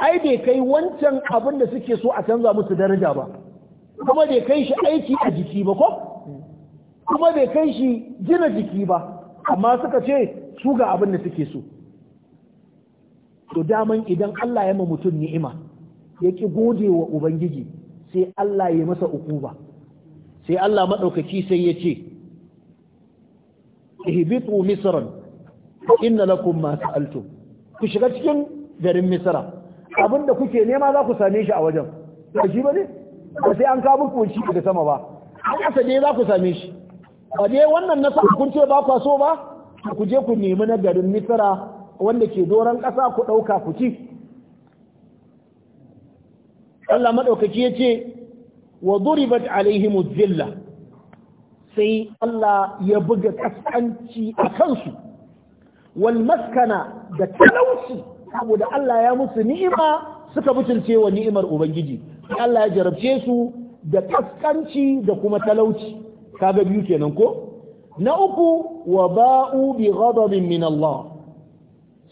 ai bai kai wancan abin da suke so a canza musu daraja ba kuma bai kai shi aiki a jiki ba ko kuma bai kai shi gina jiki ba amma suka ce su ga abin da suke so to daman idan Allah ya ma mutum ni'ima ya ki gode wa ubangiji sai Allah ya masa ukuba sai Allah maɗaukaki sai ya ce ihbitu misran inna lakum ma sa'altum ku shiga cikin garin misra abinda kuke nema za ku same shi a wajen ba shi bane ba sai an kawo muku shi daga sama ba an asa ne za ku same shi ba dai wannan na kun ce ba kwa so ba ku je ku nemi na garin misra wanda ke doron ƙasa ku ɗauka ku ci Allah maɗaukaki ya ce wa duribat alaihim zilla sai Allah ya buga kaskanci a kansu wal maskana da talauci saboda Allah ya musu ni'ima suka mutunce wa ni'imar ubangiji Allah ya jarabce su da kaskanci da kuma talauci kaga biyu kenan ko na uku wa ba'u bi ghadabin min Allah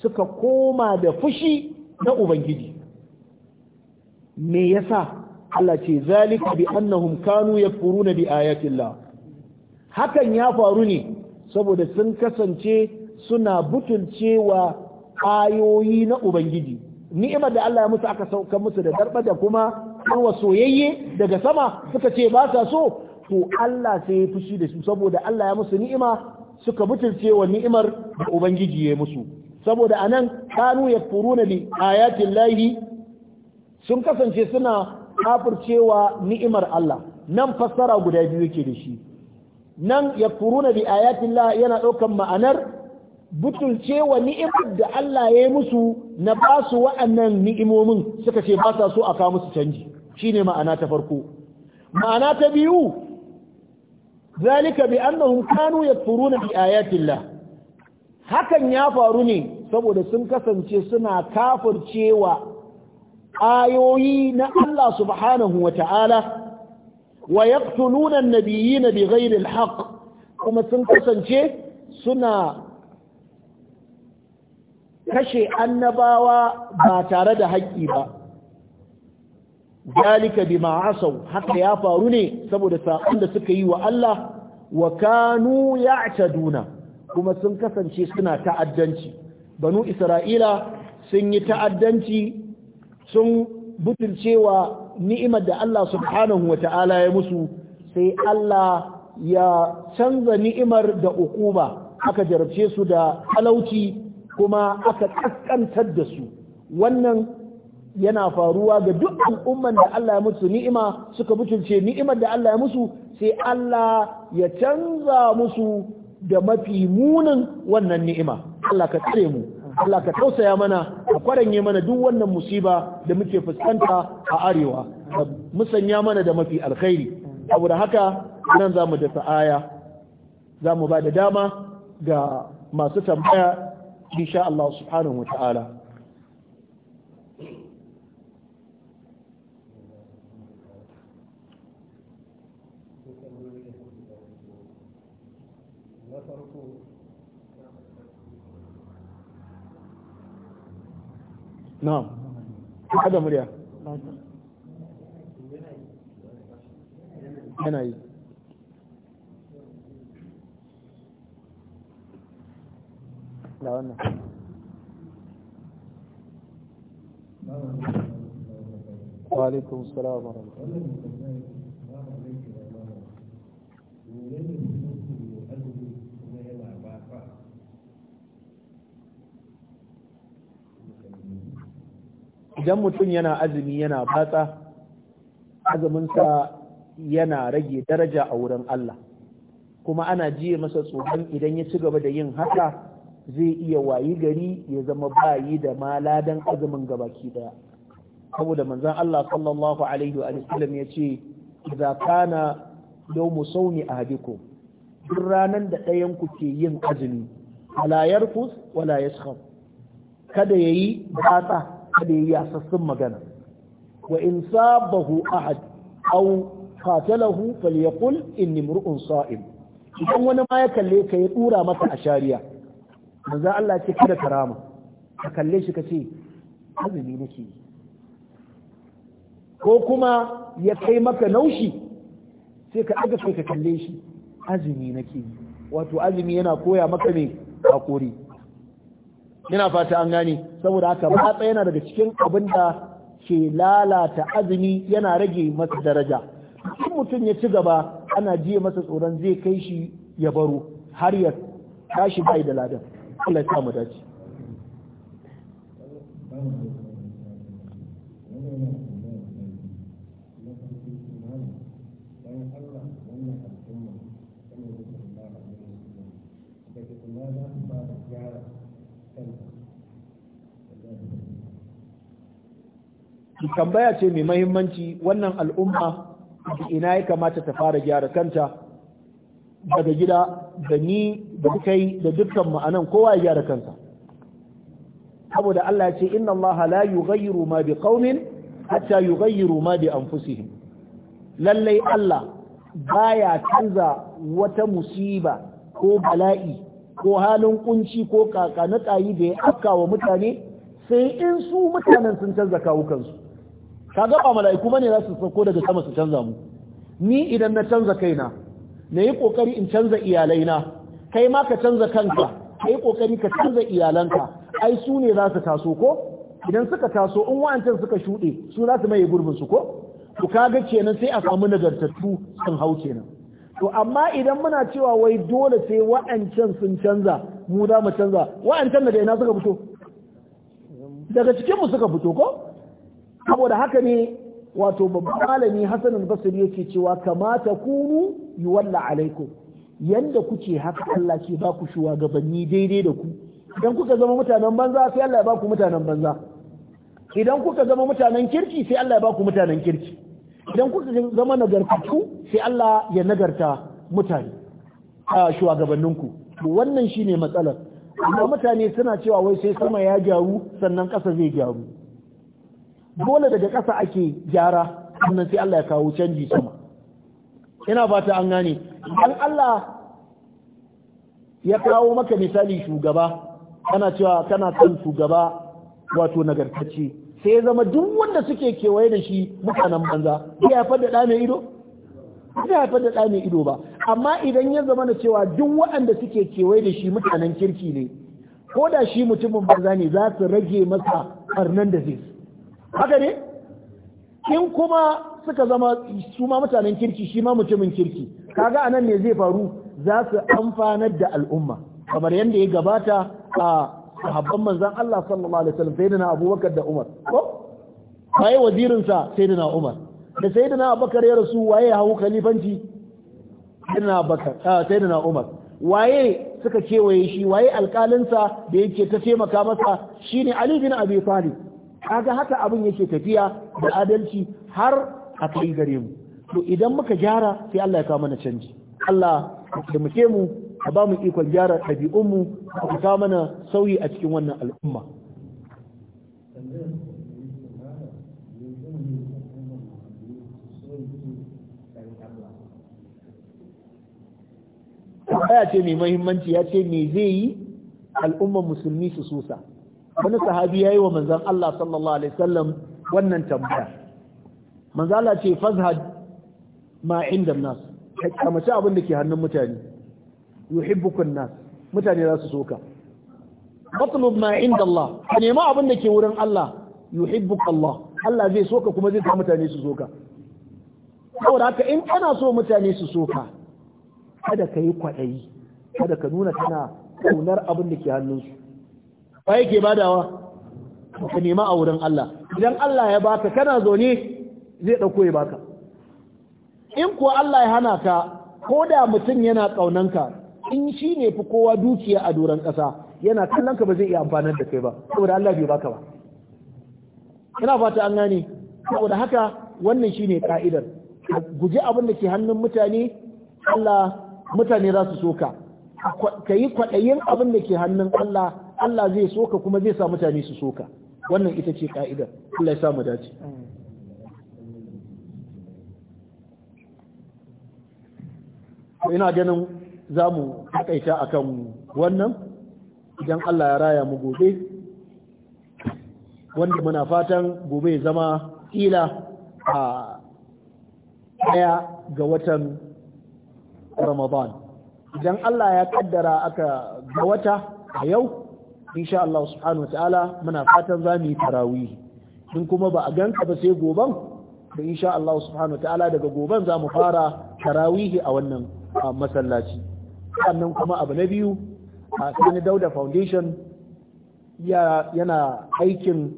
suka koma da fushi na ubangiji me yasa Allah ce zalika bi annahum kanu yakfuruna bi ayatillah hakan ya faru ne saboda sun kasance suna butulcewa ayoyi na ubangiji ni'imar da Allah ya musu aka sauka musu da darba da kuma wa soyayye daga sama suka ce ba sa so to Allah sai ya fushi da su saboda Allah ya musu ni'ima suka butulcewa ni'imar da ubangiji ya musu saboda anan kanu yakfuruna bi ayatin sun kasance suna kafircewa ni'imar Allah nan fassara guda biyu ke da shi nan ya yakfuruna bi ayatillah yana ɗaukan ma'anar butulcewa ni'imar da Allah ya yi musu na ba su wa'annan ni'imomin suka ce ba sa so a kawo musu canji shine ma'ana ta farko ma'ana ta biyu zalika bi annahum kanu yakfuruna bi ayatillah hakan ya faru ne saboda sun kasance suna kafircewa ayoyi na Allah subhanahu wa ta'ala wa na an-nabiyina bighayri al kuma sun kasance suna kashe annabawa ba tare da haƙƙi ba zalika bima asaw haka ya faru ne saboda saƙon da suka yi wa Allah wa kanu ya'taduna kuma sun kasance suna ta'addanci banu isra'ila sun yi ta'addanci sun butulcewa ni'imar da Allah subhanahu wa ta'ala ya musu sai Allah ya canza ni'imar da ukuba aka jarabce su da talauci kuma aka kaskantar da su wannan yana faruwa ga duk al'umman da Allah ya musu ni'ima suka butulce ni'imar da Allah ya musu sai Allah ya canza musu da mafi munin wannan ni'ima Allah ka tsare mu Allah ka tausaya mana ka kwaranye mana duk wannan musiba da muke fuskanta a arewa ka musanya mana da mafi alkhairi saboda haka nan za mu dafa aya za mu ba da dama ga masu tambaya insha Allah subhanahu wa ta'ala نعم هذا مريا هنا اي لا انا وعليكم السلام ورحمه الله وبركاته idan mutum yana azumi yana batsa azuminsa yana rage daraja a wurin Allah kuma ana jiye masa tsohon idan ya ci gaba da yin haka zai iya wayi gari ya zama bayi da maladan don azumin gabaki daya saboda manzon Allah sallallahu alaihi wa sallam ya ce idza kana yawmu a ahadikum duk ranar da ɗayan ku ke yin azumi wala yarfus wala yaskhab kada yayi batsa kada yasassun magana wa in sabahu ahad aw qatalahu falyaqul inni mur'un sa'im idan wani ma ya kalle ka ya dura maka a shari'a manzo Allah ce kada karama ka kalle shi ka ce azumi nake ko kuma ya kai maka naushi sai ka daga kai ka kalle shi azumi nake wato azumi yana koya maka ne hakuri ina fata an gane saboda haka ba matsa yana daga cikin abin da ke lalata azumi yana rage masa daraja in mutum ya ci gaba ana jiya masa tsoron zai kai shi ya baro har ya tashi bai da ladan Allah ya sa mu dace tambaya ce mai mahimmanci wannan al'umma ina ya kamata ta fara gyara kanta daga gida da ni da kai da dukkan ma'anan kowa ya gyara kansa saboda Allah ya ce inna Allah la yughayyiru ma bi qaumin hatta yughayyiru ma bi anfusihim lallai Allah baya canza wata musiba ko bala'i ko halin kunci ko kaka na kayi da ya afka wa mutane sai in su mutanen sun canza kawukansu ka ba mala'iku bane za su sauko daga sama su canza mu ni idan na canza kaina na yi kokari in canza iyalaina kai ma ka canza kanka ka yi kokari ka canza iyalanka ai su ne za su taso ko idan suka taso in wa'ancan suka shuɗe su za su maye gurbin su ko to kaga kenan sai a samu nagartattu sun hau kenan to amma idan muna cewa wai dole sai wa'ancan sun canza mu da mu canza wa'ancan daga ina suka fito daga cikin mu suka fito ko saboda haka ne wato babban malami Hassan al-Basri yake cewa kamata kunu yuwalla alaikum yanda kuke haka Allah ke ba ku gabanni daidai da ku idan kuka zama mutanen banza sai Allah ya ba ku mutanen banza idan kuka zama mutanen kirki sai Allah ya ba ku mutanen kirki idan kuka zama nagartattu sai Allah ya nagarta mutane a shugabanninku wannan shine matsalar amma mutane suna cewa wai sai sama ya gyaru sannan ƙasa zai gyaru dole daga ƙasa ake gyara sannan sai Allah ya kawo canji sama ina fata an gane idan Allah ya kawo maka misali shugaba kana cewa kana kan shugaba wato nagartacce sai zama duk wanda suke kewaye da shi mutanen banza ya haifar da ido ya haifar da ido ba amma idan ya zama da cewa duk waɗanda suke kewaye da shi mutanen kirki ne ko da shi mutumin banza ne za su rage masa karnan da zai haka ne in kuma suka zama su ma mutanen kirki shi ma mutumin kirki kaga anan ne zai faru za su amfanar da al'umma kamar yadda ya gabata a sahabban manzon Allah sallallahu alaihi wasallam sayyidina Abubakar da Umar ko waye wazirin sa sayyidina Umar da sayyidina Abubakar ya rasu waye ya hawo khalifanci sayyidina Abubakar ah, sayyidina Umar waye suka kewaye shi waye sa da yake ta taimaka masa shine Ali bin Abi Talib kaga haka abin yake tafiya da adalci har a kai gare mu to idan muka gyara sai Allah ya kawo mana canji Allah ya mu ka ba mu ikon gyara ɗabi'unmu ka ta mana sauyi a cikin wannan al'umma Aya ce mai mahimmanci ya ce me zai yi al'ummar musulmi su susa. Wani sahabi ya yi wa manzan Allah sallallahu Alaihi wasallam wannan tambaya. Manzala ce fazhad ma inda nas, ka kamace abin da ke hannun mutane. yuhibbukun nas mutane za su so ka matlub ma inda Allah ka nema abin da ke wurin Allah yuhibbuk Allah Allah zai so ka kuma zai sa mutane su so ka saboda haka in kana so mutane su so ka kada ka yi kwaɗayi kada ka nuna kana kaunar abin da ke hannun su. ba yake badawa ka nema a wurin Allah idan Allah ya baka kana zaune zai ɗauko ya baka in kuwa Allah ya hana ka ko da mutum yana ƙaunanka in shi ne fi kowa dukiya a doron ƙasa yana kallon ka ba zai iya amfanar da kai ba saboda Allah bai baka ba ina fata an gane saboda haka wannan shi ne ka'idar guji abin da ke hannun mutane Allah mutane za su soka ka yi kwaɗayin abin da ke hannun Allah Allah zai soka kuma zai sa mutane su soka wannan ita ce ka'idar Allah ya sa mu dace ina ganin za mu takaita a kan wannan idan Allah ya raya mu gobe wanda muna fatan gobe zama ƙila a ɗaya ga watan ramadan idan Allah ya kaddara aka ga wata a yau insha Allah subhanahu ta'ala muna fatan za mu yi tarawih in kuma ba a ganka ba sai goban da insha Allah subhanahu ta'ala daga goban za mu fara tarawihi a wannan masallaci sannan kuma abu na biyu a sani dauda foundation yana aikin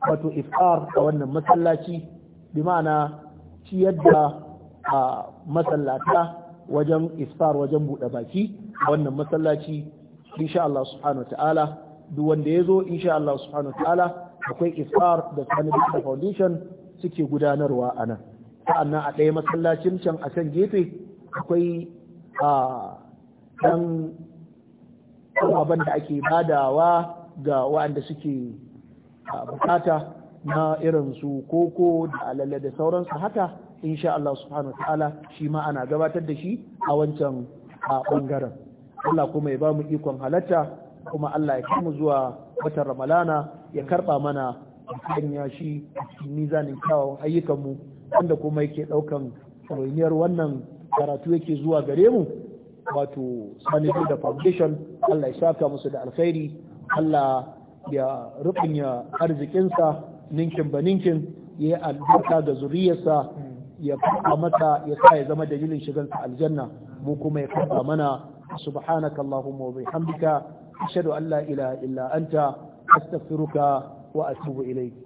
wato ifar a wannan masallaci bi ma'ana ciyar da masallata wajen ifar wajen buɗe baki a wannan masallaci insha Allah subhanahu wa ta'ala duk wanda ya zo insha Allah subhanahu wa ta'ala akwai ifar da sani dauda foundation suke gudanarwa a nan sa'annan a ɗaya masallacin can a can gefe akwai a ɗan ababen da ake badawa ga waɗanda suke bukata na irin su koko da alale da sauransu haka insha Allah subhanahu wa ta'ala shi ma ana gabatar da shi a wancan ɓangaren. Allah kuma ya ba mu ikon halatta kuma Allah ya kama zuwa watan ramalana ya karɓa mana ya shi mizanin kyawawan ayyukanmu wanda kuma yake ɗaukan ɗawainiyar wannan karatu yake zuwa gare mu wato sani da foundation Allah ya shafa musu da alkhairi Allah ya rubunya arzikinsa ninkin ba ninkin ya yi albarka ga zuriyarsa ya kafa mata ya sa ya zama dalilin shigansa aljanna mu kuma ya kafa mana subhanaka allahumma wa bihamdika ashhadu an la ilaha illa anta astaghfiruka wa atubu ilayk